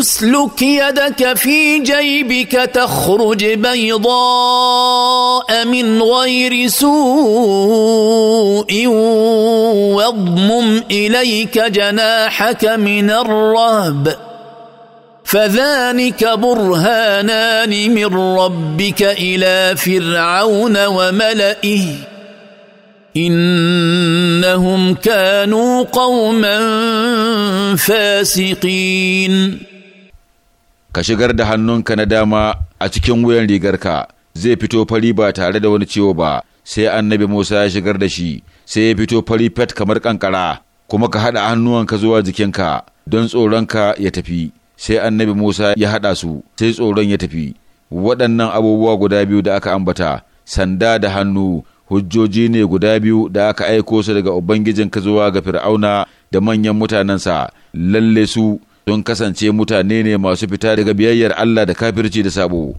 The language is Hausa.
اسلك يدك في جيبك تخرج بيضاء من غير سوء واضمم اليك جناحك من الرهب فذلك برهانان من ربك الى فرعون وملئه انهم كانوا قوما فاسقين ka shigar da hannunka na dama a cikin wuyan rigarka zai fito fari ba tare da wani ciwo ba sai annabi Musa ya shigar da shi sai ya fito fari fat kamar kankara kuma ka haɗa hannuwanka zuwa jikinka don tsoronka ya tafi sai annabi Musa ya haɗa su sai tsoron ya tafi waɗannan abubuwa guda biyu da aka ambata sanda da hannu hujjoji ne guda biyu da aka aiko su daga Ubangijinka zuwa ga Fir'auna da manyan mutanensa lalle su sun kasance mutane ne masu fita daga biyayyar Allah da kafirci da sabo